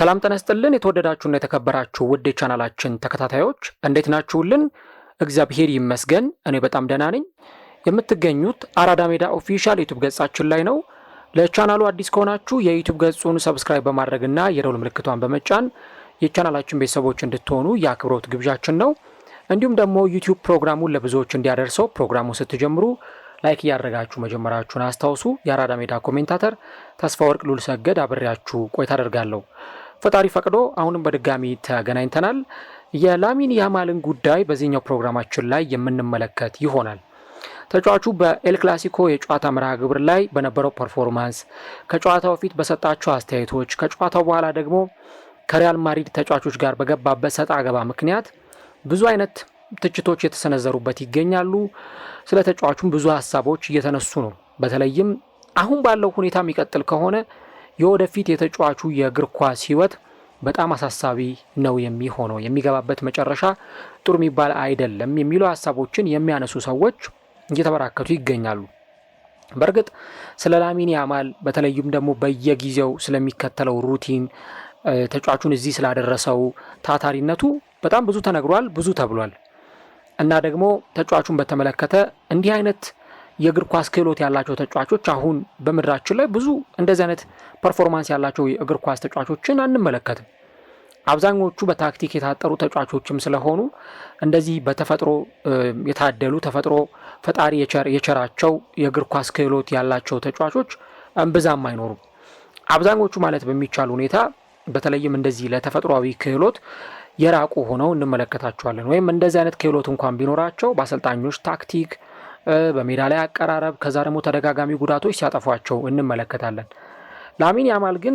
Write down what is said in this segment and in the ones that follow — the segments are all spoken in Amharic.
ሰላም ጠነስጥልን የተወደዳችሁና የተከበራችሁ ውድ የቻናላችን ተከታታዮች እንዴት ናችሁልን? እግዚአብሔር ይመስገን እኔ በጣም ደህና ነኝ። የምትገኙት አራዳ ሜዳ ኦፊሻል ዩቱብ ገጻችን ላይ ነው። ለቻናሉ አዲስ ከሆናችሁ የዩቱብ ገጹን ሰብስክራይብ በማድረግና የደውል ምልክቷን በመጫን የቻናላችን ቤተሰቦች እንድትሆኑ የአክብሮት ግብዣችን ነው። እንዲሁም ደግሞ ዩቲዩብ ፕሮግራሙን ለብዙዎች እንዲያደርሰው ፕሮግራሙ ስትጀምሩ ላይክ እያደረጋችሁ መጀመራችሁን አስታውሱ። የአራዳ ሜዳ ኮሜንታተር ተስፋ ወርቅ ሉል ሰገድ አብሬያችሁ ቆይታ አደርጋለሁ። ፈጣሪ ፈቅዶ አሁንም በድጋሚ ተገናኝተናል። የላሚን ያማልን ጉዳይ በዚህኛው ፕሮግራማችን ላይ የምንመለከት ይሆናል። ተጫዋቹ በኤል ክላሲኮ የጨዋታ መርሃ ግብር ላይ በነበረው ፐርፎርማንስ፣ ከጨዋታው በፊት በሰጣቸው አስተያየቶች፣ ከጨዋታው በኋላ ደግሞ ከሪያል ማድሪድ ተጫዋቾች ጋር በገባበት ሰጥ አገባ ምክንያት ብዙ አይነት ትችቶች የተሰነዘሩበት ይገኛሉ። ስለ ተጫዋቹም ብዙ ሀሳቦች እየተነሱ ነው። በተለይም አሁን ባለው ሁኔታ የሚቀጥል ከሆነ የወደፊት የተጫዋቹ የእግር ኳስ ህይወት በጣም አሳሳቢ ነው የሚሆነው። የሚገባበት መጨረሻ ጥሩ የሚባል አይደለም የሚሉ ሀሳቦችን የሚያነሱ ሰዎች እየተበራከቱ ይገኛሉ። በእርግጥ ስለ ላሚን ያማል በተለይም ደግሞ በየጊዜው ስለሚከተለው ሩቲን ተጫዋቹን እዚህ ስላደረሰው ታታሪነቱ በጣም ብዙ ተነግሯል፣ ብዙ ተብሏል እና ደግሞ ተጫዋቹን በተመለከተ እንዲህ አይነት የእግር ኳስ ክህሎት ያላቸው ተጫዋቾች አሁን በምድራችን ላይ ብዙ እንደዚህ አይነት ፐርፎርማንስ ያላቸው የእግር ኳስ ተጫዋቾችን አንመለከትም። አብዛኞቹ በታክቲክ የታጠሩ ተጫዋቾችም ስለሆኑ እንደዚህ በተፈጥሮ የታደሉ ተፈጥሮ ፈጣሪ የቸራቸው የእግር ኳስ ክህሎት ያላቸው ተጫዋቾች እምብዛም አይኖሩም። አብዛኞቹ ማለት በሚቻል ሁኔታ በተለይም እንደዚህ ለተፈጥሯዊ ክህሎት የራቁ ሆነው እንመለከታቸዋለን። ወይም እንደዚህ አይነት ክህሎት እንኳን ቢኖራቸው በአሰልጣኞች ታክቲክ በሜዳ ላይ አቀራረብ፣ ከዛ ደግሞ ተደጋጋሚ ጉዳቶች ሲያጠፏቸው እንመለከታለን። ላሚን ያማል ግን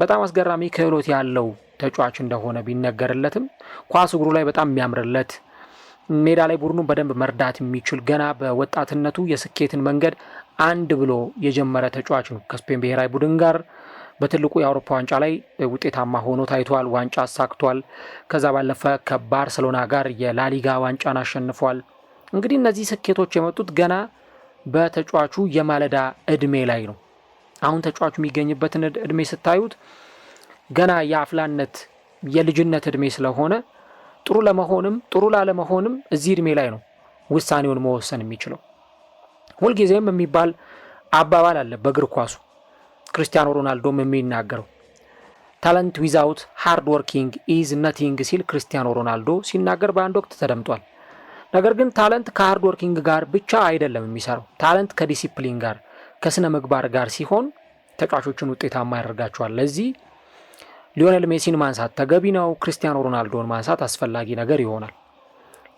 በጣም አስገራሚ ክህሎት ያለው ተጫዋች እንደሆነ ቢነገርለትም ኳስ እግሩ ላይ በጣም የሚያምርለት ሜዳ ላይ ቡድኑን በደንብ መርዳት የሚችል ገና በወጣትነቱ የስኬትን መንገድ አንድ ብሎ የጀመረ ተጫዋች ነው። ከስፔን ብሔራዊ ቡድን ጋር በትልቁ የአውሮፓ ዋንጫ ላይ ውጤታማ ሆኖ ታይቷል። ዋንጫ አሳክቷል። ከዛ ባለፈ ከባርሰሎና ጋር የላሊጋ ዋንጫን አሸንፏል። እንግዲህ እነዚህ ስኬቶች የመጡት ገና በተጫዋቹ የማለዳ እድሜ ላይ ነው። አሁን ተጫዋቹ የሚገኝበትን እድሜ ስታዩት ገና የአፍላነት የልጅነት እድሜ ስለሆነ ጥሩ ለመሆንም ጥሩ ላለመሆንም እዚህ እድሜ ላይ ነው ውሳኔውን መወሰን የሚችለው። ሁልጊዜም የሚባል አባባል አለ በእግር ኳሱ ክርስቲያኖ ሮናልዶም የሚናገረው ታለንት ዊዛውት ሃርድ ወርኪንግ ኢዝ ነቲንግ ሲል ክርስቲያኖ ሮናልዶ ሲናገር በአንድ ወቅት ተደምጧል። ነገር ግን ታለንት ከሃርድ ወርኪንግ ጋር ብቻ አይደለም የሚሰራው። ታለንት ከዲሲፕሊን ጋር ከስነ ምግባር ጋር ሲሆን ተጫዋቾችን ውጤታማ ያደርጋቸዋል። ለዚህ ሊዮኔል ሜሲን ማንሳት ተገቢ ነው። ክርስቲያኖ ሮናልዶን ማንሳት አስፈላጊ ነገር ይሆናል።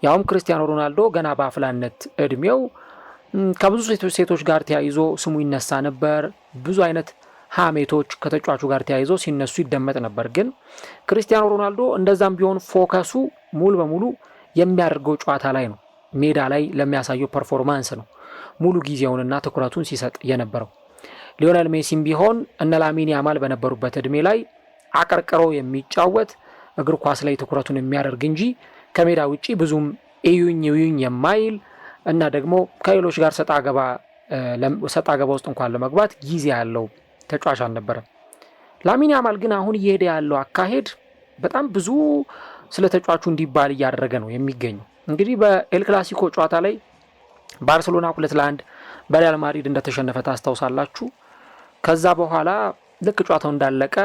ያውም ክርስቲያኖ ሮናልዶ ገና በአፍላነት እድሜው ከብዙ ሴቶች ጋር ተያይዞ ስሙ ይነሳ ነበር። ብዙ አይነት ሀሜቶች ከተጫዋቹ ጋር ተያይዞ ሲነሱ ይደመጥ ነበር። ግን ክርስቲያኖ ሮናልዶ እንደዛም ቢሆን ፎከሱ ሙሉ በሙሉ የሚያደርገው ጨዋታ ላይ ነው፣ ሜዳ ላይ ለሚያሳየው ፐርፎርማንስ ነው ሙሉ ጊዜውንና ትኩረቱን ሲሰጥ የነበረው። ሊዮነል ሜሲም ቢሆን እነ ላሚን ያማል በነበሩበት እድሜ ላይ አቀርቅሮ የሚጫወት እግር ኳስ ላይ ትኩረቱን የሚያደርግ እንጂ ከሜዳ ውጪ ብዙም እዩኝ እዩኝ የማይል እና ደግሞ ከሌሎች ጋር ሰጣ ገባ ውስጥ እንኳን ለመግባት ጊዜ ያለው ተጫዋች አልነበረም። ላሚን ያማል ግን አሁን እየሄደ ያለው አካሄድ በጣም ብዙ ስለ ተጫዋቹ እንዲባል እያደረገ ነው የሚገኘው። እንግዲህ በኤል ክላሲኮ ጨዋታ ላይ ባርሴሎና ሁለት ለአንድ በሪያል ማድሪድ እንደተሸነፈ ታስታውሳላችሁ። ከዛ በኋላ ልክ ጨዋታው እንዳለቀ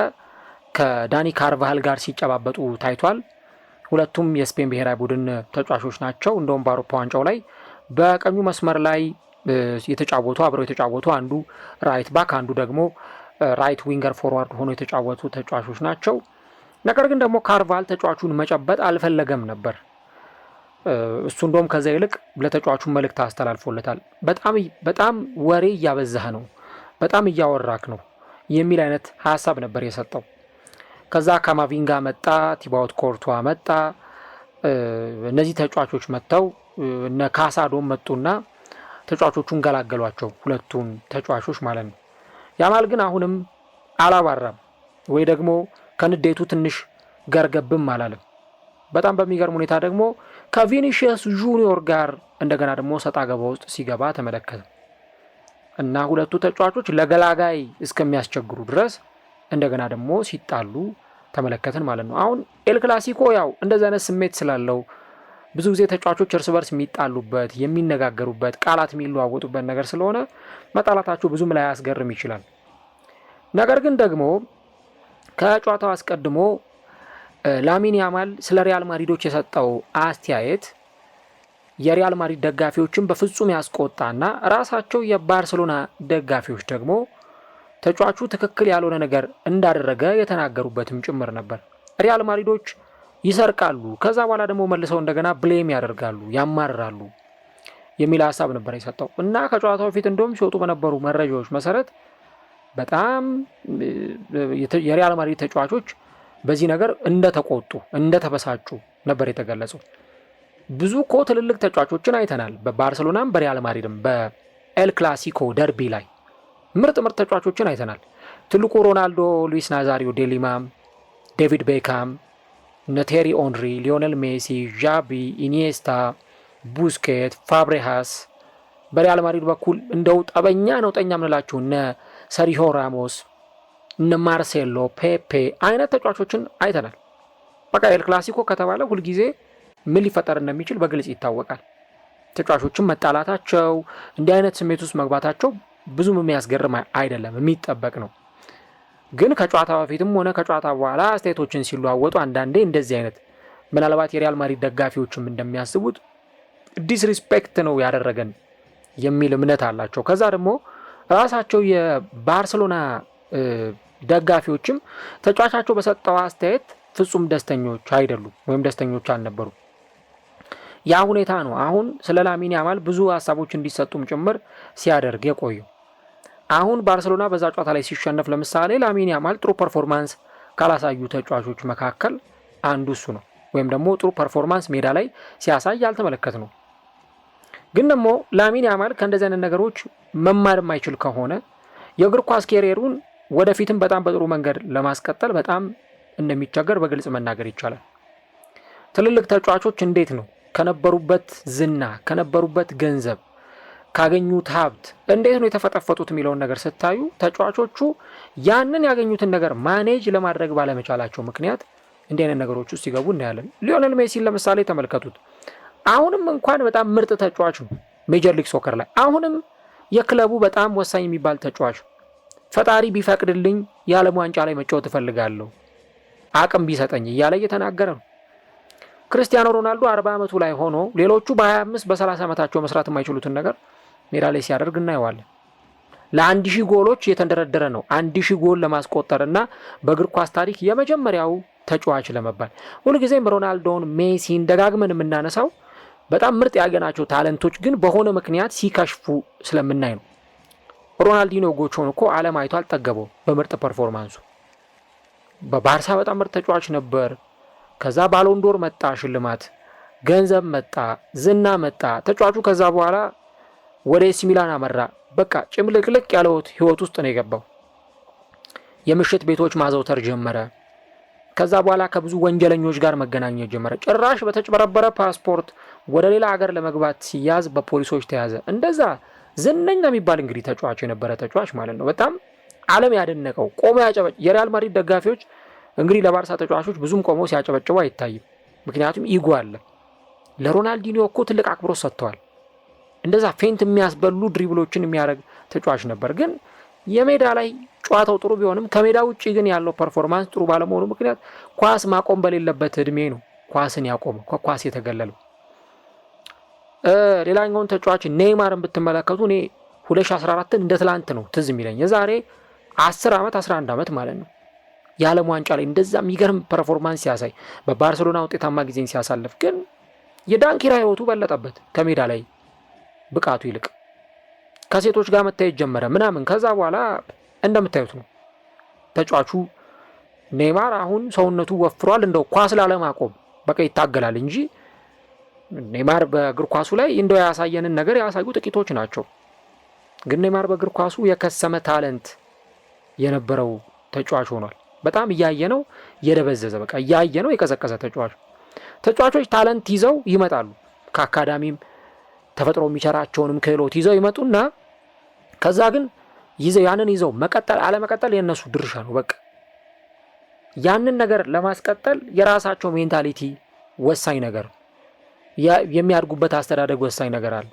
ከዳኒ ካርቫሃል ጋር ሲጨባበጡ ታይቷል። ሁለቱም የስፔን ብሔራዊ ቡድን ተጫዋቾች ናቸው። እንደውም በአውሮፓ ዋንጫው ላይ በቀኙ መስመር ላይ የተጫወቱ አብረው የተጫወቱ አንዱ ራይት ባክ አንዱ ደግሞ ራይት ዊንገር ፎርዋርድ ሆኖ የተጫወቱ ተጫዋቾች ናቸው። ነገር ግን ደግሞ ካርቫል ተጫዋቹን መጨበጥ አልፈለገም ነበር። እሱ እንደውም ከዛ ይልቅ ለተጫዋቹ መልእክት አስተላልፎለታል። በጣም በጣም ወሬ እያበዛህ ነው፣ በጣም እያወራክ ነው የሚል አይነት ሀሳብ ነበር የሰጠው። ከዛ ካማቪንጋ መጣ፣ ቲባውት ኮርቷ መጣ። እነዚህ ተጫዋቾች መጥተው እነ ካሳዶም መጡና ተጫዋቾቹን ገላገሏቸው፣ ሁለቱን ተጫዋቾች ማለት ነው። ያማል ግን አሁንም አላባራም ወይ ደግሞ ከንዴቱ ትንሽ ገርገብም አላለም። በጣም በሚገርም ሁኔታ ደግሞ ከቪኒሽየስ ጁኒዮር ጋር እንደገና ደግሞ ሰጣ ገባ ውስጥ ሲገባ ተመለከተ እና ሁለቱ ተጫዋቾች ለገላጋይ እስከሚያስቸግሩ ድረስ እንደገና ደግሞ ሲጣሉ ተመለከትን ማለት ነው። አሁን ኤል ክላሲኮ ያው እንደዚህ አይነት ስሜት ስላለው ብዙ ጊዜ ተጫዋቾች እርስ በርስ የሚጣሉበት፣ የሚነጋገሩበት፣ ቃላት የሚለዋወጡበት ነገር ስለሆነ መጣላታቸው ብዙም ላይ አያስገርም ይችላል። ነገር ግን ደግሞ ከጨዋታው አስቀድሞ ላሚን ያማል ስለ ሪያል ማድሪዶች የሰጠው አስተያየት የሪያል ማድሪድ ደጋፊዎችን በፍጹም ያስቆጣና ራሳቸው የባርሰሎና ደጋፊዎች ደግሞ ተጫዋቹ ትክክል ያልሆነ ነገር እንዳደረገ የተናገሩበትም ጭምር ነበር። ሪያል ማድሪዶች ይሰርቃሉ፣ ከዛ በኋላ ደግሞ መልሰው እንደገና ብሌም ያደርጋሉ፣ ያማርራሉ የሚል ሀሳብ ነበር የሰጠው እና ከጨዋታው በፊት እንደውም ሲወጡ በነበሩ መረጃዎች መሰረት በጣም የሪያል ማድሪድ ተጫዋቾች በዚህ ነገር እንደተቆጡ እንደተበሳጩ ነበር የተገለጸው። ብዙ እኮ ትልልቅ ተጫዋቾችን አይተናል። በባርሰሎናም በሪያል ማድሪድም በኤል ክላሲኮ ደርቢ ላይ ምርጥ ምርጥ ተጫዋቾችን አይተናል። ትልቁ ሮናልዶ፣ ሉዊስ ናዛሪዮ ዴሊማም ዴቪድ ቤካም፣ ነቴሪ ኦንሪ፣ ሊዮኔል ሜሲ፣ ዣቢ፣ ኢኒየስታ፣ ቡስኬት፣ ፋብሬሃስ በሪያል ማድሪድ በኩል እንደው ጠበኛ ነውጠኛ ምንላችሁ ሰሪሆ ራሞስ፣ እነ ማርሴሎ፣ ፔፔ አይነት ተጫዋቾችን አይተናል። በቃ ኤል ክላሲኮ ከተባለ ሁልጊዜ ምን ሊፈጠር እንደሚችል በግልጽ ይታወቃል። ተጫዋቾችን መጣላታቸው፣ እንዲህ አይነት ስሜት ውስጥ መግባታቸው ብዙም የሚያስገርም አይደለም፣ የሚጠበቅ ነው። ግን ከጨዋታ በፊትም ሆነ ከጨዋታ በኋላ አስተያየቶችን ሲለዋወጡ አንዳንዴ እንደዚህ አይነት ምናልባት የሪያል ማድሪድ ደጋፊዎችም እንደሚያስቡት ዲስሪስፔክት ነው ያደረገን የሚል እምነት አላቸው። ከዛ ደግሞ ራሳቸው የባርሴሎና ደጋፊዎችም ተጫዋቻቸው በሰጠው አስተያየት ፍጹም ደስተኞች አይደሉም ወይም ደስተኞች አልነበሩም። ያ ሁኔታ ነው አሁን ስለ ላሚን ያማል ብዙ ሀሳቦች እንዲሰጡም ጭምር ሲያደርግ የቆየው። አሁን ባርሰሎና በዛ ጨዋታ ላይ ሲሸነፍ ለምሳሌ ላሚን ያማል ጥሩ ፐርፎርማንስ ካላሳዩ ተጫዋቾች መካከል አንዱ እሱ ነው። ወይም ደግሞ ጥሩ ፐርፎርማንስ ሜዳ ላይ ሲያሳይ አልተመለከት ነው። ግን ደግሞ ላሚን ያማል ከእንደዚህ አይነት ነገሮች መማር የማይችል ከሆነ የእግር ኳስ ኬሪየሩን ወደፊትም በጣም በጥሩ መንገድ ለማስቀጠል በጣም እንደሚቸገር በግልጽ መናገር ይቻላል። ትልልቅ ተጫዋቾች እንዴት ነው ከነበሩበት ዝና፣ ከነበሩበት ገንዘብ፣ ካገኙት ሀብት እንዴት ነው የተፈጠፈጡት የሚለውን ነገር ስታዩ ተጫዋቾቹ ያንን ያገኙትን ነገር ማኔጅ ለማድረግ ባለመቻላቸው ምክንያት እንዲህ አይነት ነገሮች ውስጥ ሲገቡ እናያለን። ሊዮኔል ሜሲን ለምሳሌ ተመልከቱት። አሁንም እንኳን በጣም ምርጥ ተጫዋች ነው ሜጀር ሊግ ሶከር ላይ አሁንም የክለቡ በጣም ወሳኝ የሚባል ተጫዋች ነው። ፈጣሪ ቢፈቅድልኝ የዓለም ዋንጫ ላይ መጫወት እፈልጋለሁ አቅም ቢሰጠኝ እያለ እየተናገረ ነው። ክርስቲያኖ ሮናልዶ አርባ ዓመቱ ላይ ሆኖ ሌሎቹ በ25 በ30 ዓመታቸው መስራት የማይችሉትን ነገር ሜዳ ላይ ሲያደርግ እናየዋለን። ለአንድ ሺህ ጎሎች እየተንደረደረ ነው። አንድ ሺህ ጎል ለማስቆጠር እና በእግር ኳስ ታሪክ የመጀመሪያው ተጫዋች ለመባል ሁልጊዜም ሮናልዶን፣ ሜሲን ደጋግመን የምናነሳው በጣም ምርጥ ያገናቸው ታለንቶች ግን በሆነ ምክንያት ሲከሽፉ ስለምናይ ነው። ሮናልዲኖ ጎቾን እኮ ዓለም አይቶ አልጠገበው በምርጥ ፐርፎርማንሱ። በባርሳ በጣም ምርጥ ተጫዋች ነበር። ከዛ ባሎንዶር መጣ፣ ሽልማት፣ ገንዘብ መጣ፣ ዝና መጣ። ተጫዋቹ ከዛ በኋላ ወደ ኤሲ ሚላን አመራ። በቃ ጭምልቅልቅ ያለውት ህይወት ውስጥ ነው የገባው። የምሽት ቤቶች ማዘውተር ጀመረ። ከዛ በኋላ ከብዙ ወንጀለኞች ጋር መገናኘት ጀመረ። ጭራሽ በተጭበረበረ ፓስፖርት ወደ ሌላ ሀገር ለመግባት ሲያዝ በፖሊሶች ተያዘ። እንደዛ ዝነኛ የሚባል እንግዲህ ተጫዋች የነበረ ተጫዋች ማለት ነው። በጣም ዓለም ያደነቀው ቆሞ ያጨበ የሪያል ማድሪድ ደጋፊዎች እንግዲህ ለባርሳ ተጫዋቾች ብዙም ቆመው ሲያጨበጭቡ አይታይም። ምክንያቱም ኢጎ አለ። ለሮናልዲኒዮ እኮ ትልቅ አክብሮት ሰጥተዋል። እንደዛ ፌንት የሚያስበሉ ድሪብሎችን የሚያደርግ ተጫዋች ነበር ግን የሜዳ ላይ ጨዋታው ጥሩ ቢሆንም ከሜዳ ውጭ ግን ያለው ፐርፎርማንስ ጥሩ ባለመሆኑ ምክንያት ኳስ ማቆም በሌለበት እድሜ ነው ኳስን ያቆመው ከኳስ የተገለለው። ሌላኛውን ተጫዋች ኔይማርን ብትመለከቱ እኔ 2014ን እንደ ትላንት ነው ትዝ የሚለኝ የዛሬ 10 ዓመት 11 ዓመት ማለት ነው የዓለም ዋንጫ ላይ እንደዛ የሚገርም ፐርፎርማንስ ሲያሳይ በባርሴሎና ውጤታማ ጊዜን ሲያሳልፍ ግን የዳንኪራ ህይወቱ በለጠበት ከሜዳ ላይ ብቃቱ ይልቅ ከሴቶች ጋር መታየት ጀመረ ምናምን። ከዛ በኋላ እንደምታዩት ነው ተጫዋቹ ኔይማር አሁን ሰውነቱ ወፍሯል። እንደው ኳስ ላለማቆም በቃ ይታገላል እንጂ ኔይማር በእግር ኳሱ ላይ እንደው ያሳየንን ነገር ያሳዩ ጥቂቶች ናቸው። ግን ኔይማር በእግር ኳሱ የከሰመ ታለንት የነበረው ተጫዋች ሆኗል። በጣም እያየ ነው የደበዘዘ በቃ እያየ ነው የቀዘቀዘ ተጫዋች። ተጫዋቾች ታለንት ይዘው ይመጣሉ ከአካዳሚም ተፈጥሮ የሚቸራቸውንም ክህሎት ይዘው ይመጡና ከዛ ግን ይዘው ያንን ይዘው መቀጠል አለመቀጠል የእነሱ ድርሻ ነው። በቃ ያንን ነገር ለማስቀጠል የራሳቸው ሜንታሊቲ ወሳኝ ነገር የሚያድጉበት አስተዳደግ ወሳኝ ነገር አለ።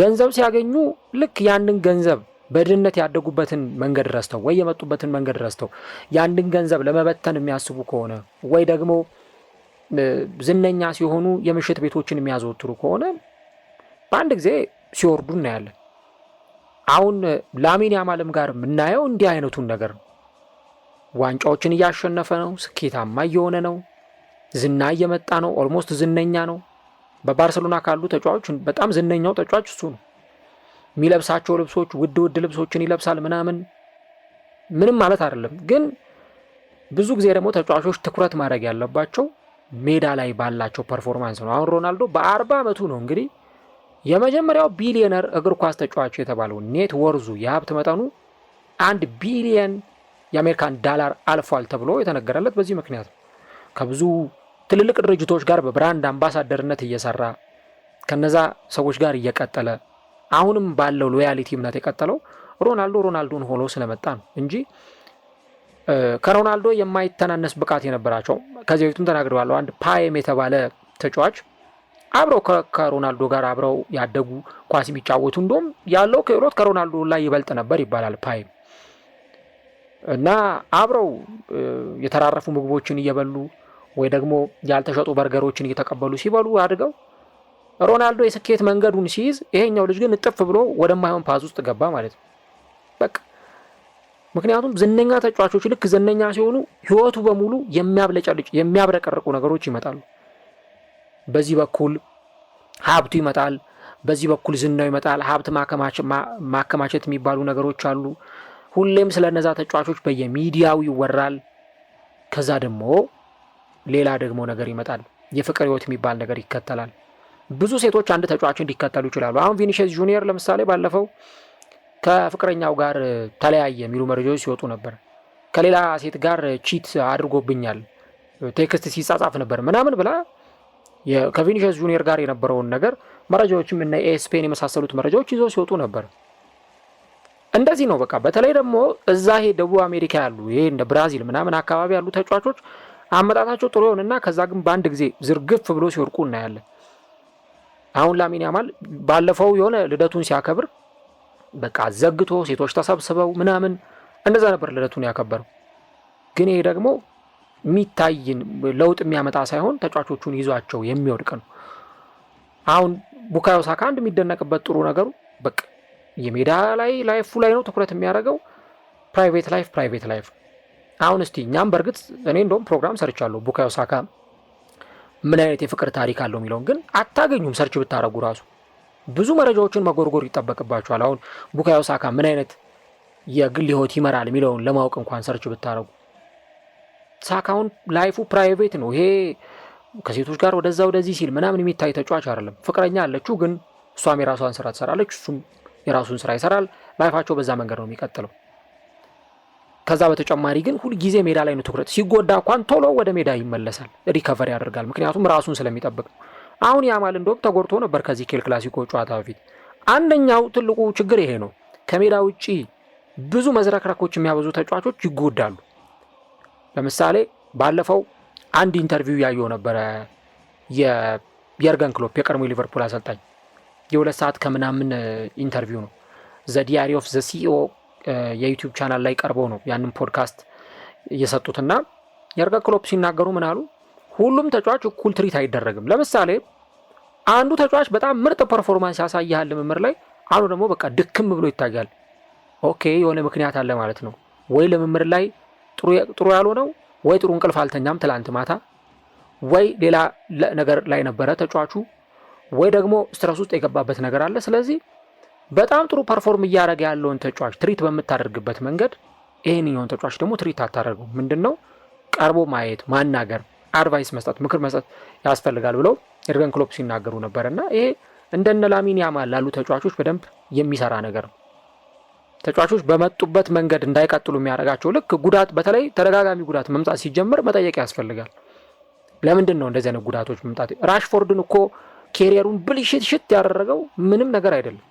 ገንዘብ ሲያገኙ ልክ ያንን ገንዘብ በድህነት ያደጉበትን መንገድ ረስተው ወይ የመጡበትን መንገድ ረስተው ያንን ገንዘብ ለመበተን የሚያስቡ ከሆነ ወይ ደግሞ ዝነኛ ሲሆኑ የምሽት ቤቶችን የሚያዘወትሩ ከሆነ በአንድ ጊዜ ሲወርዱ እናያለን። አሁን ላሚን ያማልም ጋር የምናየው እንዲህ አይነቱን ነገር ነው። ዋንጫዎችን እያሸነፈ ነው። ስኬታማ እየሆነ ነው። ዝና እየመጣ ነው። ኦልሞስት ዝነኛ ነው። በባርሰሎና ካሉ ተጫዋች በጣም ዝነኛው ተጫዋች እሱ ነው። የሚለብሳቸው ልብሶች ውድ ውድ ልብሶችን ይለብሳል ምናምን። ምንም ማለት አይደለም፣ ግን ብዙ ጊዜ ደግሞ ተጫዋቾች ትኩረት ማድረግ ያለባቸው ሜዳ ላይ ባላቸው ፐርፎርማንስ ነው። አሁን ሮናልዶ በአርባ ዓመቱ ነው እንግዲህ የመጀመሪያው ቢሊዮነር እግር ኳስ ተጫዋች የተባለው ኔት ወርዙ የሀብት መጠኑ አንድ ቢሊየን የአሜሪካን ዳላር አልፏል ተብሎ የተነገረለት በዚህ ምክንያት ነው። ከብዙ ትልልቅ ድርጅቶች ጋር በብራንድ አምባሳደርነት እየሰራ ከነዛ ሰዎች ጋር እየቀጠለ አሁንም ባለው ሎያሊቲ እምነት የቀጠለው ሮናልዶ ሮናልዶን ሆኖ ስለመጣ ነው እንጂ ከሮናልዶ የማይተናነስ ብቃት የነበራቸው ከዚህ በፊቱም ተናግረዋለሁ። አንድ ፓየም የተባለ ተጫዋች አብረው ከሮናልዶ ጋር አብረው ያደጉ ኳስ የሚጫወቱ እንደውም ያለው ክህሎት ከሮናልዶ ላይ ይበልጥ ነበር ይባላል ፓይም እና አብረው የተራረፉ ምግቦችን እየበሉ ወይ ደግሞ ያልተሸጡ በርገሮችን እየተቀበሉ ሲበሉ አድገው ሮናልዶ የስኬት መንገዱን ሲይዝ ይሄኛው ልጅ ግን እጥፍ ብሎ ወደማይሆን ፓዝ ውስጥ ገባ ማለት ነው። በቃ ምክንያቱም ዝነኛ ተጫዋቾች ልክ ዝነኛ ሲሆኑ ህይወቱ በሙሉ የሚያብለጨልጭ የሚያብረቀርቁ ነገሮች ይመጣሉ። በዚህ በኩል ሀብቱ ይመጣል፣ በዚህ በኩል ዝናው ይመጣል። ሀብት ማከማቸት የሚባሉ ነገሮች አሉ። ሁሌም ስለ እነዛ ተጫዋቾች በየሚዲያው ይወራል። ከዛ ደግሞ ሌላ ደግሞ ነገር ይመጣል። የፍቅር ህይወት የሚባል ነገር ይከተላል። ብዙ ሴቶች አንድ ተጫዋችን እንዲከተሉ ይችላሉ። አሁን ቪኒሽስ ጁኒየር ለምሳሌ ባለፈው ከፍቅረኛው ጋር ተለያየ የሚሉ መረጃዎች ሲወጡ ነበር። ከሌላ ሴት ጋር ቺት አድርጎብኛል ቴክስት ሲጻጻፍ ነበር ምናምን ብላ ከቪኒሽስ ጁኒየር ጋር የነበረውን ነገር መረጃዎችም እና ኤስፔን የመሳሰሉት መረጃዎች ይዘው ሲወጡ ነበር። እንደዚህ ነው በቃ። በተለይ ደግሞ እዛ ይሄ ደቡብ አሜሪካ ያሉ ይሄ እንደ ብራዚል ምናምን አካባቢ ያሉ ተጫዋቾች አመጣጣቸው ጥሩ ይሆንና ከዛ ግን በአንድ ጊዜ ዝርግፍ ብሎ ሲወድቁ እናያለን። አሁን ላሚን ያማል ባለፈው የሆነ ልደቱን ሲያከብር በቃ ዘግቶ ሴቶች ተሰብስበው ምናምን እንደዛ ነበር ልደቱን ያከበረው። ግን ይሄ ደግሞ የሚታይን ለውጥ የሚያመጣ ሳይሆን ተጫዋቾቹን ይዟቸው የሚወድቅ ነው። አሁን ቡካዮ ሳካ አንድ የሚደነቅበት ጥሩ ነገሩ በቃ የሜዳ ላይ ላይፉ ላይ ነው ትኩረት የሚያደርገው። ፕራይቬት ላይፍ ፕራይቬት ላይፍ አሁን እስቲ እኛም በእርግጥ እኔ እንደውም ፕሮግራም ሰርቻለሁ ቡካዮ ሳካ ምን አይነት የፍቅር ታሪክ አለው የሚለውን ግን አታገኙም። ሰርች ብታደረጉ ራሱ ብዙ መረጃዎችን መጎርጎር ይጠበቅባቸዋል። አሁን ቡካዮ ሳካ ምን አይነት የግል ህይወት ይመራል የሚለውን ለማወቅ እንኳን ሰርች ብታደረጉ ሳካውን ላይፉ ፕራይቬት ነው። ይሄ ከሴቶች ጋር ወደዛ ወደዚህ ሲል ምናምን የሚታይ ተጫዋች አይደለም። ፍቅረኛ አለችው፣ ግን እሷም የራሷን ስራ ትሰራለች፣ እሱም የራሱን ስራ ይሰራል። ላይፋቸው በዛ መንገድ ነው የሚቀጥለው። ከዛ በተጨማሪ ግን ሁልጊዜ ሜዳ ላይ ነው ትኩረት። ሲጎዳ እንኳን ቶሎ ወደ ሜዳ ይመለሳል፣ ሪከቨር ያደርጋል። ምክንያቱም ራሱን ስለሚጠብቅ ነው። አሁን ያማል እንደውም ተጎድቶ ነበር ከዚህ ኬል ክላሲኮ ጨዋታ በፊት። አንደኛው ትልቁ ችግር ይሄ ነው። ከሜዳ ውጪ ብዙ መዝረክረኮች የሚያበዙ ተጫዋቾች ይጎዳሉ። ለምሳሌ ባለፈው አንድ ኢንተርቪው ያየው ነበረ የየርገን ክሎፕ የቀድሞ ሊቨርፑል አሰልጣኝ የሁለት ሰዓት ከምናምን ኢንተርቪው ነው። ዘ ዲያሪ ኦፍ ዘ ሲኢኦ የዩቲዩብ ቻናል ላይ ቀርበው ነው ያንን ፖድካስት እየሰጡትና የርገን ክሎፕ ሲናገሩ ምን አሉ? ሁሉም ተጫዋች እኩል ትሪት አይደረግም። ለምሳሌ አንዱ ተጫዋች በጣም ምርጥ ፐርፎርማንስ ያሳያል ልምምር ላይ፣ አንዱ ደግሞ በቃ ድክም ብሎ ይታያል። ኦኬ የሆነ ምክንያት አለ ማለት ነው ወይ ልምምር ላይ ጥሩ ያልሆነው ወይ ጥሩ እንቅልፍ አልተኛም ትላንት ማታ፣ ወይ ሌላ ነገር ላይ ነበረ ተጫዋቹ፣ ወይ ደግሞ ስትረስ ውስጥ የገባበት ነገር አለ። ስለዚህ በጣም ጥሩ ፐርፎርም እያደረገ ያለውን ተጫዋች ትሪት በምታደርግበት መንገድ ይህንኛውን ተጫዋች ደግሞ ትሪት አታደርገው። ምንድን ነው ቀርቦ ማየት፣ ማናገር፣ አድቫይስ መስጠት፣ ምክር መስጠት ያስፈልጋል ብለው የርገን ክሎፕ ሲናገሩ ነበር እና ይሄ እንደነ ላሚን ያማል ላሉ ተጫዋቾች በደንብ የሚሰራ ነገር ነው። ተጫዋቾች በመጡበት መንገድ እንዳይቀጥሉ የሚያደርጋቸው ልክ ጉዳት በተለይ ተደጋጋሚ ጉዳት መምጣት ሲጀምር መጠየቅ ያስፈልጋል። ለምንድን ነው እንደዚህ አይነት ጉዳቶች መምጣት? ራሽፎርድን እኮ ኬሪየሩን ብልሽት ሽት ያደረገው ምንም ነገር አይደለም።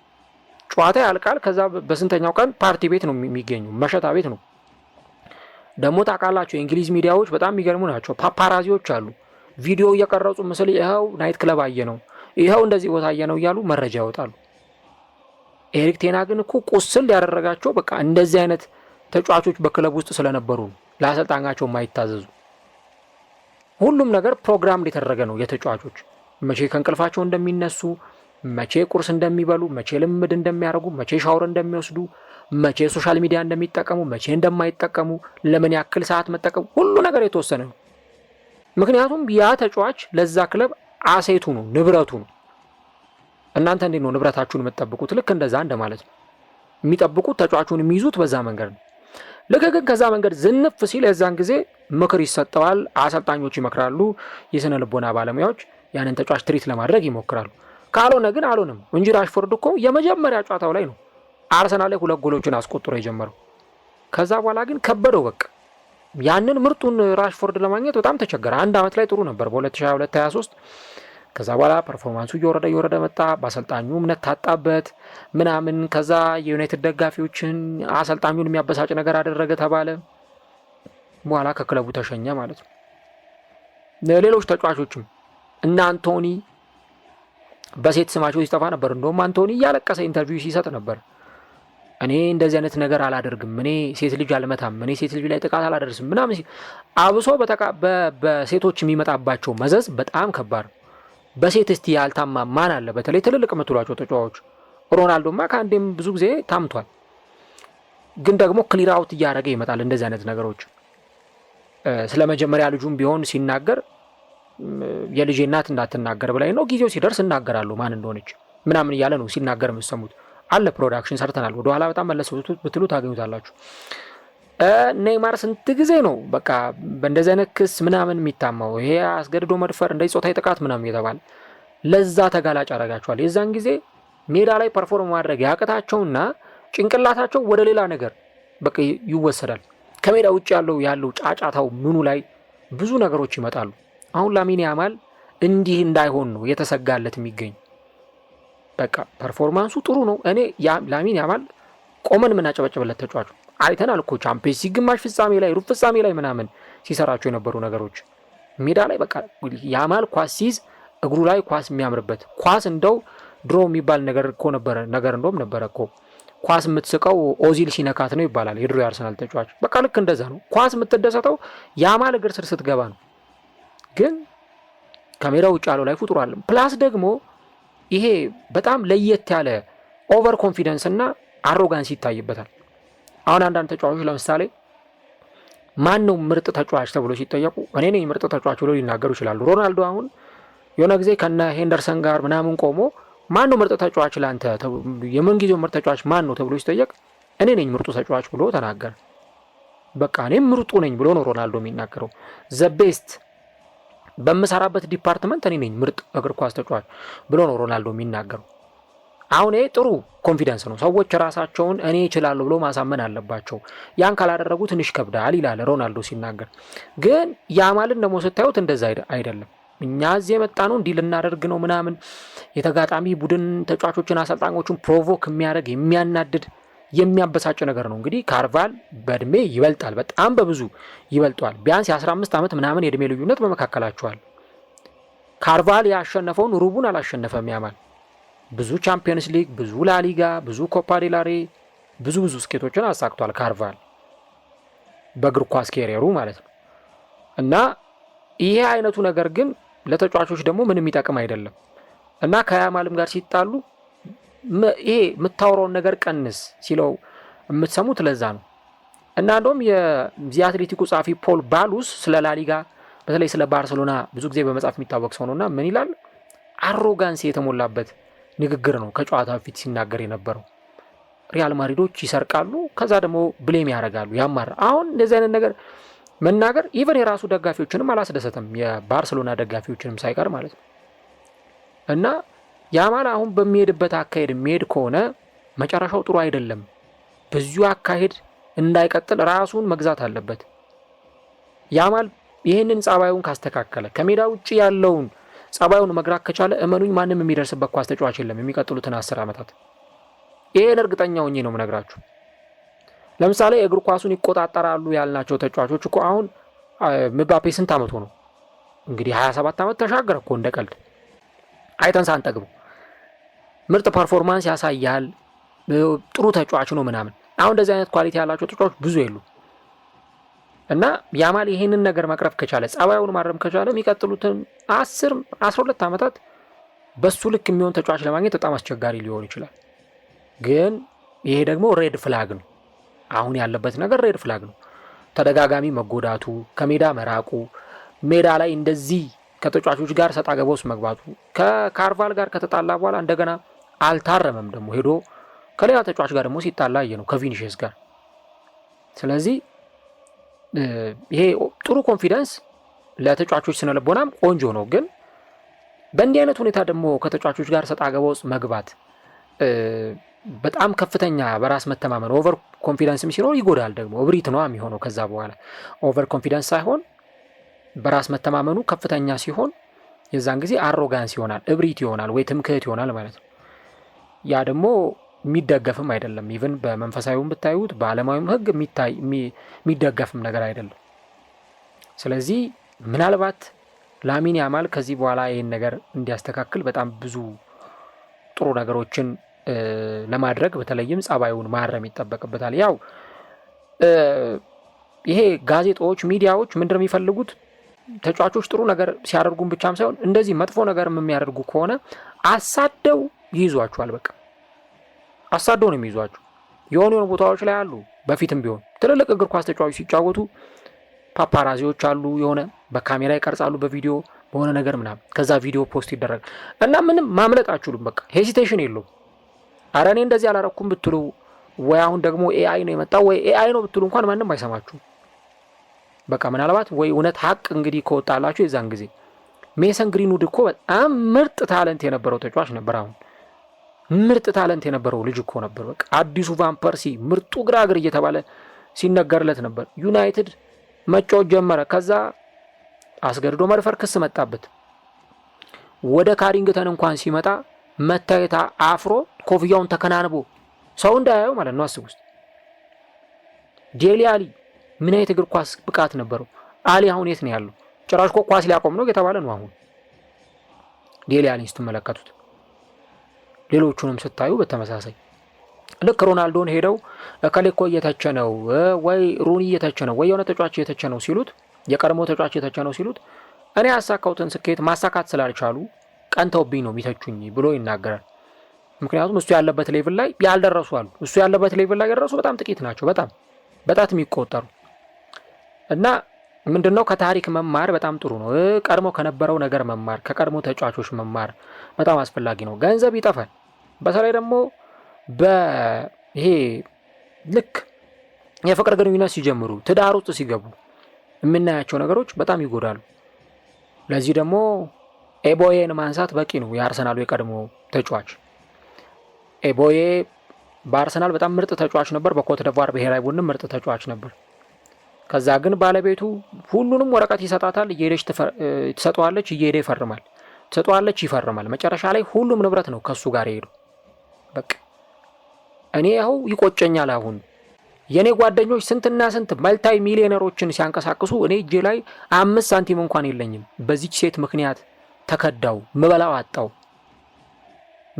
ጨዋታ ያልቃል። ከዛ በስንተኛው ቀን ፓርቲ ቤት ነው የሚገኙ መሸታ ቤት ነው ደግሞ ታውቃላቸው። የእንግሊዝ ሚዲያዎች በጣም የሚገርሙ ናቸው። ፓፓራዚዎች አሉ። ቪዲዮ እየቀረጹ ምስል ይኸው ናይት ክለብ አየ ነው ይኸው እንደዚህ ቦታ አየ ነው እያሉ መረጃ ያወጣሉ። ኤሪክ ቴና ግን እኮ ቁስል ያደረጋቸው በቃ እንደዚህ አይነት ተጫዋቾች በክለብ ውስጥ ስለነበሩ ለአሰልጣኛቸው ማይታዘዙ ሁሉም ነገር ፕሮግራም እንደተደረገ ነው። የተጫዋቾች መቼ ከእንቅልፋቸው እንደሚነሱ፣ መቼ ቁርስ እንደሚበሉ፣ መቼ ልምድ እንደሚያደርጉ፣ መቼ ሻወር እንደሚወስዱ፣ መቼ ሶሻል ሚዲያ እንደሚጠቀሙ፣ መቼ እንደማይጠቀሙ፣ ለምን ያክል ሰዓት መጠቀሙ፣ ሁሉ ነገር የተወሰነ ነው። ምክንያቱም ያ ተጫዋች ለዛ ክለብ አሴቱ ነው፣ ንብረቱ ነው። እናንተ እንዴት ነው ንብረታችሁን የምትጠብቁት? ልክ እንደዛ እንደማለት ነው። የሚጠብቁት ተጫዋቹን የሚይዙት በዛ መንገድ ነው። ልክ ግን ከዛ መንገድ ዝንፍ ሲል የዛን ጊዜ ምክር ይሰጠዋል። አሰልጣኞች ይመክራሉ፣ የስነ ልቦና ባለሙያዎች ያንን ተጫዋች ትሪት ለማድረግ ይሞክራሉ። ካልሆነ ግን አልሆንም እንጂ ራሽፎርድ እኮ የመጀመሪያ ጨዋታው ላይ ነው አርሰናል ላይ ሁለት ጎሎችን አስቆጥሮ የጀመረው። ከዛ በኋላ ግን ከበደው በቃ ያንን ምርጡን ራሽፎርድ ለማግኘት በጣም ተቸገረ። አንድ ዓመት ላይ ጥሩ ነበር በ2022/23 ከዛ በኋላ ፐርፎርማንሱ እየወረደ እየወረደ መጣ። በአሰልጣኙ እምነት ታጣበት ምናምን። ከዛ የዩናይትድ ደጋፊዎችን አሰልጣኙን የሚያበሳጭ ነገር አደረገ ተባለ። በኋላ ከክለቡ ተሸኘ ማለት ነው። ሌሎች ተጫዋቾችም እና አንቶኒ በሴት ስማቸው ሲጠፋ ነበር። እንደውም አንቶኒ እያለቀሰ ኢንተርቪው ሲሰጥ ነበር። እኔ እንደዚህ አይነት ነገር አላደርግም፣ እኔ ሴት ልጅ አልመታም፣ እኔ ሴት ልጅ ላይ ጥቃት አላደርስም ምናምን። አብሶ በሴቶች የሚመጣባቸው መዘዝ በጣም ከባድ በሴት እስቲ ያልታማ ማን አለ? በተለይ ትልልቅ የምትሏቸው ተጫዋቾች ሮናልዶማ ከአንዴም ብዙ ጊዜ ታምቷል፣ ግን ደግሞ ክሊር አውት እያደረገ ይመጣል። እንደዚህ አይነት ነገሮች ስለ መጀመሪያ ልጁም ቢሆን ሲናገር የልጄ እናት እንዳትናገር ብላይ ነው፣ ጊዜው ሲደርስ እናገራሉ ማን እንደሆነች ምናምን እያለ ነው ሲናገር የምትሰሙት። አለ ፕሮዳክሽን ሰርተናል፣ ወደኋላ በጣም መለስ ብትሉ ታገኙታላችሁ። ኔይማር ስንት ጊዜ ነው በቃ በእንደዚህ አይነት ክስ ምናምን የሚታማው? ይሄ አስገድዶ መድፈር፣ እንደዚህ ጾታዊ ጥቃት ምናምን የተባለ ለዛ ተጋላጭ አደረጋቸዋል። የዛን ጊዜ ሜዳ ላይ ፐርፎርም ማድረግ ያቅታቸውና ጭንቅላታቸው ወደ ሌላ ነገር በቃ ይወሰዳል። ከሜዳ ውጭ ያለው ያለው ጫጫታው ምኑ ላይ ብዙ ነገሮች ይመጣሉ። አሁን ላሚን ያማል እንዲህ እንዳይሆን ነው የተሰጋለት የሚገኝ በቃ ፐርፎርማንሱ ጥሩ ነው። እኔ ላሚን ያማል ቆመን የምናጨበጨበለት ተጫዋቹ አይተናል እኮ ቻምፒየንስ ሊግ ግማሽ ፍጻሜ ላይ ሩብ ፍጻሜ ላይ ምናምን ሲሰራቸው የነበሩ ነገሮች ሜዳ ላይ በቃ ያማል ኳስ ሲይዝ እግሩ ላይ ኳስ የሚያምርበት ኳስ እንደው ድሮ የሚባል ነገር እኮ ነበረ ነገር እንደውም ነበረ እኮ ኳስ የምትስቀው ኦዚል ሲነካት ነው ይባላል የድሮ የአርሰናል ተጫዋች። በቃ ልክ እንደዛ ነው። ኳስ የምትደሰተው ያማል እግር ስር ስትገባ ነው። ግን ከሜዳ ውጭ ያለው ላይ ፍጡር አለም። ፕላስ ደግሞ ይሄ በጣም ለየት ያለ ኦቨር ኮንፊደንስ እና አሮጋንስ ይታይበታል። አሁን አንዳንድ ተጫዋቾች ለምሳሌ ማን ነው ምርጥ ተጫዋች ተብሎ ሲጠየቁ እኔ ነኝ ምርጥ ተጫዋች ብሎ ሊናገሩ ይችላሉ። ሮናልዶ አሁን የሆነ ጊዜ ከነ ሄንደርሰን ጋር ምናምን ቆሞ ማን ነው ምርጥ ተጫዋች ለአንተ የምን ጊዜው ምርጥ ተጫዋች ማን ነው ተብሎ ሲጠየቅ እኔ ነኝ ምርጡ ተጫዋች ብሎ ተናገር በቃ እኔም ምርጡ ነኝ ብሎ ነው ሮናልዶ የሚናገረው። ዘቤስት በምሰራበት ዲፓርትመንት እኔ ነኝ ምርጥ እግር ኳስ ተጫዋች ብሎ ነው ሮናልዶ የሚናገረው። አሁን ይሄ ጥሩ ኮንፊደንስ ነው። ሰዎች ራሳቸውን እኔ እችላለሁ ብሎ ማሳመን አለባቸው። ያን ካላደረጉ ትንሽ ከብዳል ይላል ሮናልዶ ሲናገር። ግን ያማልን ደግሞ ስታዩት እንደዛ አይደለም። እኛ እዚህ የመጣ ነው እንዲህ ልናደርግ ነው ምናምን የተጋጣሚ ቡድን ተጫዋቾችን፣ አሰልጣኞችን ፕሮቮክ የሚያደርግ የሚያናድድ የሚያበሳጭ ነገር ነው። እንግዲህ ካርቫል በእድሜ ይበልጣል፣ በጣም በብዙ ይበልጧል። ቢያንስ የ15 ዓመት ምናምን የእድሜ ልዩነት በመካከላቸዋል። ካርቫል ያሸነፈውን ሩቡን አላሸነፈም ያማል ብዙ ቻምፒየንስ ሊግ፣ ብዙ ላሊጋ፣ ብዙ ኮፓ ዴላሬ፣ ብዙ ብዙ ስኬቶችን አሳክቷል ካርቫል በእግር ኳስ ኬሪየሩ ማለት ነው። እና ይሄ አይነቱ ነገር ግን ለተጫዋቾች ደግሞ ምንም የሚጠቅም አይደለም እና ከያማልም ጋር ሲጣሉ ይሄ የምታውረውን ነገር ቀንስ ሲለው የምትሰሙት ለዛ ነው። እና እንደውም አትሌቲኩ ጸሐፊ ፖል ባሉስ ስለ ላሊጋ በተለይ ስለ ባርሴሎና ብዙ ጊዜ በመጻፍ የሚታወቅ ሰው ነው እና ምን ይላል አሮጋንስ የተሞላበት ንግግር ነው ከጨዋታ በፊት ሲናገር የነበረው። ሪያል ማድሪዶች ይሰርቃሉ፣ ከዛ ደግሞ ብሌም ያደርጋሉ፣ ያማራ አሁን እንደዚህ አይነት ነገር መናገር ኢቨን የራሱ ደጋፊዎችንም አላስደሰተም፣ የባርሰሎና ደጋፊዎችንም ሳይቀር ማለት ነው። እና ያማል አሁን በሚሄድበት አካሄድ የሚሄድ ከሆነ መጨረሻው ጥሩ አይደለም። በዚሁ አካሄድ እንዳይቀጥል ራሱን መግዛት አለበት። ያማል ይህንን ጸባዩን ካስተካከለ ከሜዳ ውጭ ያለውን ጸባዩን መግራት ከቻለ እመኑኝ ማንም የሚደርስበት ኳስ ተጫዋች የለም የሚቀጥሉትን አስር ዓመታት። ይሄን እርግጠኛ ሆኜ ነው ምነግራችሁ። ለምሳሌ እግር ኳሱን ይቆጣጠራሉ ያልናቸው ተጫዋቾች እኮ አሁን ምባፔ ስንት ዓመቱ ነው? እንግዲህ 27 ዓመት ተሻገረ እኮ እንደ ቀልድ አይተን ሳንጠግቡ ምርጥ ፐርፎርማንስ ያሳያል፣ ጥሩ ተጫዋች ነው ምናምን። አሁን እንደዚህ አይነት ኳሊቲ ያላቸው ተጫዋች ብዙ የሉ። እና ያማል ይሄንን ነገር መቅረፍ ከቻለ ጸባዩን ማረም ከቻለ የሚቀጥሉትን አስር አስራ ሁለት ዓመታት በሱ ልክ የሚሆን ተጫዋች ለማግኘት በጣም አስቸጋሪ ሊሆን ይችላል። ግን ይሄ ደግሞ ሬድ ፍላግ ነው። አሁን ያለበት ነገር ሬድ ፍላግ ነው። ተደጋጋሚ መጎዳቱ፣ ከሜዳ መራቁ፣ ሜዳ ላይ እንደዚህ ከተጫዋቾች ጋር ሰጣ ገባ ውስጥ መግባቱ፣ ከካርቫል ጋር ከተጣላ በኋላ እንደገና አልታረመም ደግሞ ሄዶ ከሌላ ተጫዋች ጋር ደግሞ ሲጣላ የ ነው ከቪኒሽስ ጋር ስለዚህ ይሄ ጥሩ ኮንፊደንስ ለተጫዋቾች ስነልቦናም ቆንጆ ነው። ግን በእንዲህ አይነት ሁኔታ ደግሞ ከተጫዋቾች ጋር ሰጣ ገባ ውስጥ መግባት በጣም ከፍተኛ በራስ መተማመን ኦቨር ኮንፊደንስም ሲኖር ይጎዳል። ደግሞ እብሪት ነው የሚሆነው ከዛ በኋላ ኦቨር ኮንፊደንስ ሳይሆን በራስ መተማመኑ ከፍተኛ ሲሆን የዛን ጊዜ አሮጋንስ ይሆናል፣ እብሪት ይሆናል ወይ ትምክህት ይሆናል ማለት ነው። ያ ደግሞ የሚደገፍም አይደለም። ኢቨን በመንፈሳዊም ብታዩት በዓለማዊም ህግ የሚደገፍም ነገር አይደለም። ስለዚህ ምናልባት ላሚን ያማል ከዚህ በኋላ ይህን ነገር እንዲያስተካክል በጣም ብዙ ጥሩ ነገሮችን ለማድረግ በተለይም ጸባዩን ማረም ይጠበቅበታል። ያው ይሄ ጋዜጦች፣ ሚዲያዎች ምንድነው የሚፈልጉት? ተጫዋቾች ጥሩ ነገር ሲያደርጉን ብቻም ሳይሆን እንደዚህ መጥፎ ነገርም የሚያደርጉ ከሆነ አሳደው ይይዟቸዋል በቃ አሳደው ነው የሚይዟቸው። የሆኑ የሆኑ ቦታዎች ላይ አሉ። በፊትም ቢሆን ትልልቅ እግር ኳስ ተጫዋቾች ሲጫወቱ ፓፓራዚዎች አሉ። የሆነ በካሜራ ይቀርጻሉ፣ በቪዲዮ በሆነ ነገር ምናምን፣ ከዛ ቪዲዮ ፖስት ይደረጋል እና ምንም ማምለጥ አችሉም። በቃ ሄሲቴሽን የለውም። አረ እኔ እንደዚህ አላረኩም ብትሉ ወይ አሁን ደግሞ ኤአይ ነው የመጣው ወይ ኤአይ ነው ብትሉ እንኳን ማንም አይሰማችሁ። በቃ ምናልባት ወይ እውነት ሀቅ እንግዲህ ከወጣላችሁ የዛን ጊዜ ሜሰን ግሪንውድ እኮ በጣም ምርጥ ታለንት የነበረው ተጫዋች ነበር አሁን ምርጥ ታለንት የነበረው ልጅ እኮ ነበር። በቃ አዲሱ ቫን ምርጡ ግራ እግር እየተባለ ሲነገርለት ነበር። ዩናይትድ መጫወት ጀመረ። ከዛ አስገድዶ መድፈር ክስ መጣበት። ወደ ካሪንግተን እንኳን ሲመጣ መታየት አፍሮ ኮፍያውን ተከናንቦ ሰው እንዳያየው ማለት ነው። አስብ ውስጥ ዴሊ አሊ ምን አይነት እግር ኳስ ብቃት ነበረው? አሊ አሁን የት ነው ያለው? ጭራሽ እኮ ኳስ ሊያቆም ነው የተባለ ነው። አሁን ዴሊ አሊን ስትመለከቱት ሌሎቹንም ስታዩ በተመሳሳይ ልክ ሮናልዶን ሄደው ከሌኮ እየተቸ ነው ወይ ሩኒ እየተቸ ነው ወይ የሆነ ተጫዋች እየተቸ ነው ሲሉት የቀድሞ ተጫዋች እየተቸ ነው ሲሉት እኔ ያሳካሁትን ስኬት ማሳካት ስላልቻሉ ቀንተውብኝ ነው የሚተቹኝ ብሎ ይናገራል። ምክንያቱም እሱ ያለበት ሌቭል ላይ ያልደረሱ አሉ። እሱ ያለበት ሌቭል ላይ የደረሱ በጣም ጥቂት ናቸው፣ በጣም በጣት የሚቆጠሩ እና ምንድነው ከታሪክ መማር በጣም ጥሩ ነው። ቀድሞ ከነበረው ነገር መማር፣ ከቀድሞ ተጫዋቾች መማር በጣም አስፈላጊ ነው። ገንዘብ ይጠፋል። በተለይ ደግሞ በይሄ ልክ የፍቅር ግንኙነት ሲጀምሩ፣ ትዳር ውስጥ ሲገቡ የምናያቸው ነገሮች በጣም ይጎዳሉ። ለዚህ ደግሞ ኤቦዬን ማንሳት በቂ ነው። የአርሰናሉ የቀድሞ ተጫዋች ኤቦዬ በአርሰናል በጣም ምርጥ ተጫዋች ነበር። በኮትደቫር ብሔራዊ ቡድንም ምርጥ ተጫዋች ነበር። ከዛ ግን ባለቤቱ ሁሉንም ወረቀት ይሰጣታል፣ እየሄደች ትሰጠዋለች፣ እየሄደ ይፈርማል፣ ትሰጠዋለች፣ ይፈርማል። መጨረሻ ላይ ሁሉም ንብረት ነው ከእሱ ጋር ይሄዱ። በቃ እኔ ያው ይቆጨኛል። አሁን የእኔ ጓደኞች ስንትና ስንት መልታዊ ሚሊዮነሮችን ሲያንቀሳቅሱ እኔ እጄ ላይ አምስት ሳንቲም እንኳን የለኝም። በዚች ሴት ምክንያት ተከዳው፣ ምበላው አጣው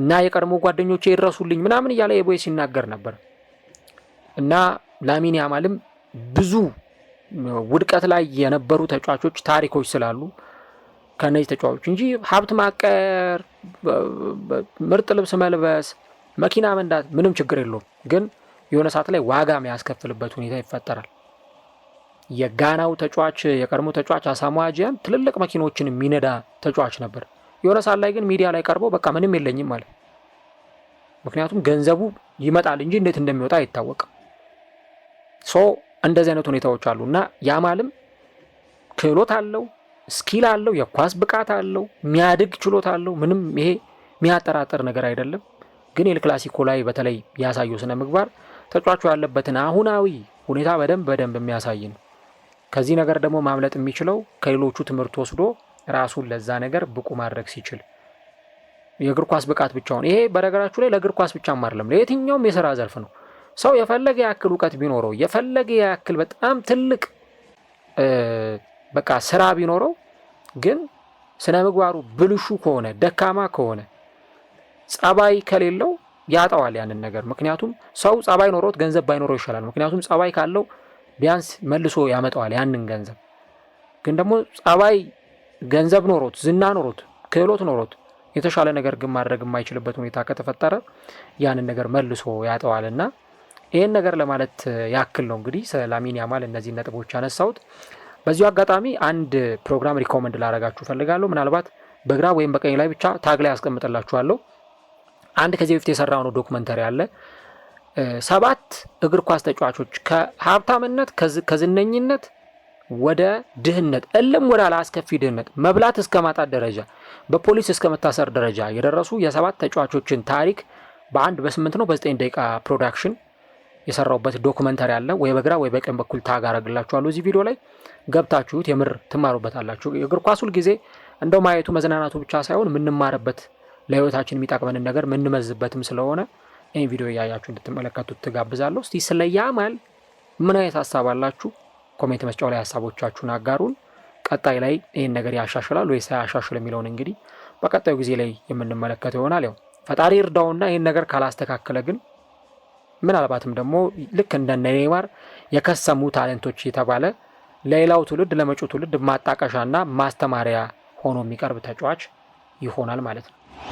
እና የቀድሞ ጓደኞቼ ይድረሱልኝ ምናምን እያለ የቦይ ሲናገር ነበር እና ላሚን ያማልም ብዙ ውድቀት ላይ የነበሩ ተጫዋቾች ታሪኮች ስላሉ ከነዚህ ተጫዋቾች እንጂ ሀብት ማቀር፣ ምርጥ ልብስ መልበስ፣ መኪና መንዳት ምንም ችግር የለውም። ግን የሆነ ሰዓት ላይ ዋጋ የሚያስከፍልበት ሁኔታ ይፈጠራል። የጋናው ተጫዋች የቀድሞ ተጫዋች አሳሞአ ትልልቅ መኪኖችን የሚነዳ ተጫዋች ነበር። የሆነ ሰዓት ላይ ግን ሚዲያ ላይ ቀርቦ በቃ ምንም የለኝም ማለት ምክንያቱም ገንዘቡ ይመጣል እንጂ እንዴት እንደሚወጣ አይታወቅም። ሶ እንደዚህ አይነት ሁኔታዎች አሉ እና ያማልም ክህሎት አለው፣ ስኪል አለው፣ የኳስ ብቃት አለው፣ የሚያድግ ችሎታ አለው። ምንም ይሄ የሚያጠራጥር ነገር አይደለም። ግን ኤል ክላሲኮ ላይ በተለይ ያሳየው ስነ ምግባር ተጫዋቹ ያለበትን አሁናዊ ሁኔታ በደንብ በደንብ የሚያሳይ ነው። ከዚህ ነገር ደግሞ ማምለጥ የሚችለው ከሌሎቹ ትምህርት ወስዶ ራሱን ለዛ ነገር ብቁ ማድረግ ሲችል የእግር ኳስ ብቃት ብቻውን ይሄ በነገራችሁ ላይ ለእግር ኳስ ብቻም አይደለም ለየትኛውም የስራ ዘርፍ ነው። ሰው የፈለገ ያክል እውቀት ቢኖረው የፈለገ ያክል በጣም ትልቅ በቃ ስራ ቢኖረው ግን ስነ ምግባሩ ብልሹ ከሆነ ደካማ ከሆነ ጸባይ ከሌለው ያጠዋል ያንን ነገር። ምክንያቱም ሰው ጸባይ ኖሮት ገንዘብ ባይኖረው ይሻላል። ምክንያቱም ጸባይ ካለው ቢያንስ መልሶ ያመጣዋል ያንን ገንዘብ። ግን ደግሞ ጸባይ ገንዘብ ኖሮት ዝና ኖሮት ክህሎት ኖሮት የተሻለ ነገር ግን ማድረግ የማይችልበት ሁኔታ ከተፈጠረ ያንን ነገር መልሶ ያጠዋልና ይህን ነገር ለማለት ያክል ነው እንግዲህ ስላሚን ያማል እነዚህን ነጥቦች ያነሳሁት። በዚሁ አጋጣሚ አንድ ፕሮግራም ሪኮመንድ ላረጋችሁ ፈልጋለሁ። ምናልባት በግራ ወይም በቀኝ ላይ ብቻ ታግ ላይ ያስቀምጥላችኋለሁ። አንድ ከዚህ በፊት የሰራ ነው ዶክመንተሪ አለ። ሰባት እግር ኳስ ተጫዋቾች ከሀብታምነት ከዝነኝነት ወደ ድህነት እልም ወዳለ አስከፊ ድህነት መብላት እስከ ማጣት ደረጃ በፖሊስ እስከ መታሰር ደረጃ የደረሱ የሰባት ተጫዋቾችን ታሪክ በአንድ በስምንት ነው በዘጠኝ ደቂቃ ፕሮዳክሽን የሰራውበት ዶኩመንተሪ አለ። ወይ በግራ ወይ በቀኝ በኩል ታግ አረግላችኋለሁ እዚህ ቪዲዮ ላይ ገብታችሁት የምር ትማሩበታላችሁ። እግር ኳስ ሁል ጊዜ እንደው ማየቱ መዝናናቱ ብቻ ሳይሆን የምንማርበት ለህይወታችን የሚጠቅመንን ነገር ምንመዝበትም ስለሆነ ይህን ቪዲዮ እያያችሁ እንድትመለከቱት ትጋብዛለሁ። እስቲ ስለ ያማል ምን አይነት ሀሳብ አላችሁ? ኮሜንት መስጫው ላይ ሀሳቦቻችሁን አጋሩን። ቀጣይ ላይ ይህን ነገር ያሻሽላል ወይስ ሳያሻሽል የሚለውን እንግዲህ በቀጣዩ ጊዜ ላይ የምንመለከተው ይሆናል። ያው ፈጣሪ እርዳውና ይህን ነገር ካላስተካከለ ግን ምናልባትም ደግሞ ልክ እንደ ኔይማር የከሰሙ ታሌንቶች የተባለ ለሌላው ትውልድ ለመጪው ትውልድ ማጣቀሻና ማስተማሪያ ሆኖ የሚቀርብ ተጫዋች ይሆናል ማለት ነው።